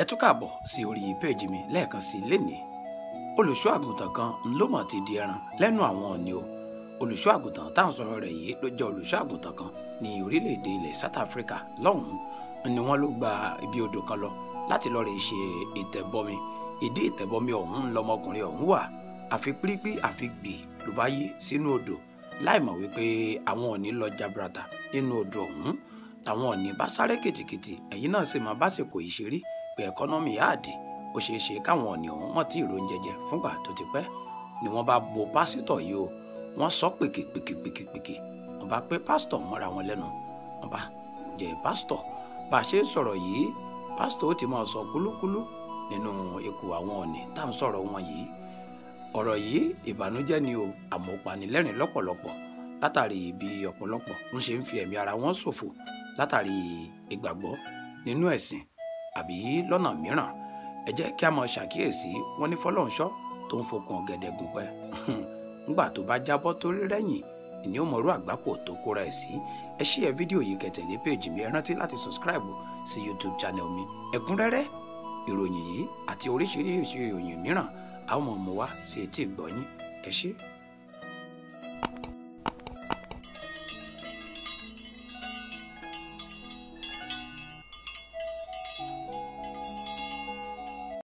ẹ tún káàbọ̀ sí orí péèjì mi lẹ́ẹ̀kan sí lénìí olùṣọ́ àgùntàn kan ló mọ̀ ti di ẹran lẹ́nu àwọn ọ̀nì o olùṣọ́ àgùntàn táwọn sọ̀rọ̀ rẹ̀ yìí ló jẹ́ olùṣọ́ àgùntàn kan ní orílẹ̀-èdè ilẹ̀ South Africa lọ́hùn-ún ni wọ́n ló gba ibi odò kan lọ láti lọ́ọ́ rẹ̀ ṣe ìtẹ̀bọmi ìdí ìtẹ̀bọmi ọ̀hún lọmọkùnrin ọ̀hún wà àfi pírípí àfi gbì ló bá yí sínú odò láìmọ̀ wípé àwọn ọ̀nì lọ jabrata nínú odò ọ̀hún làwọn ọ̀nì bá sáré kìtìkìtì ẹ̀yìn náà sì máa básìkò ìṣeré pé ẹkọ́nọ́mì yáàdì ó ṣeé ṣe káwọn ọ̀nì ọ̀hún wọ́n ti ìròyìn jẹjẹ fúngbà tó ti pẹ́ ni wọ́n bá bo pásítọ̀ yìí o wọ́n sọ pèkì pèkì pèkì pèkì wọ́n bá pé pásítọ̀ mọ́ra wọn lẹ́nu wọ́n bá jẹ́ pásítọ̀ bá a ṣe ń sọ̀rọ̀ yìí pásítọ̀ ó ti máa sọ kúlúkúlú nínú ikú àwọn ọ̀nì tá à ń sọ̀rọ̀ wọn yìí ọ̀rọ̀ yìí ìbànújẹ́ ni o àmọ́ panilẹ́rìn lọ́pọ̀lọpọ̀ látàrí bí ọ̀pọ̀lọpọ̀ ń ṣe ń fi ẹ̀mí ara wọn ṣòfò látàrí ìgbàgbọ́ nínú ẹ̀sìn àbí lọ́nà mìíràn ẹ jẹ́ kí a máa ṣàkíyèsí wọn ní fọlọ́nṣọ́ tó ń fokùn ọ̀gẹ̀dẹ̀ gùn pẹ́ ńgbà tó bá jábọ́ tó rí rẹ́yìn ìní ó mọ̀rú àgbákò tó kóra ẹ̀ sí ẹ ṣí ẹ fídíò yìí kẹtẹ̀lé péèjì mi ẹ rántí láti subscribe sí youtube channel mi ẹ̀kúnrẹ́rẹ́ ìròyìn yìí àti oríṣiríṣi ìròyìn mìíràn àwọn ọmọ wa sí etí ìgbọ̀nyín ẹ ṣé.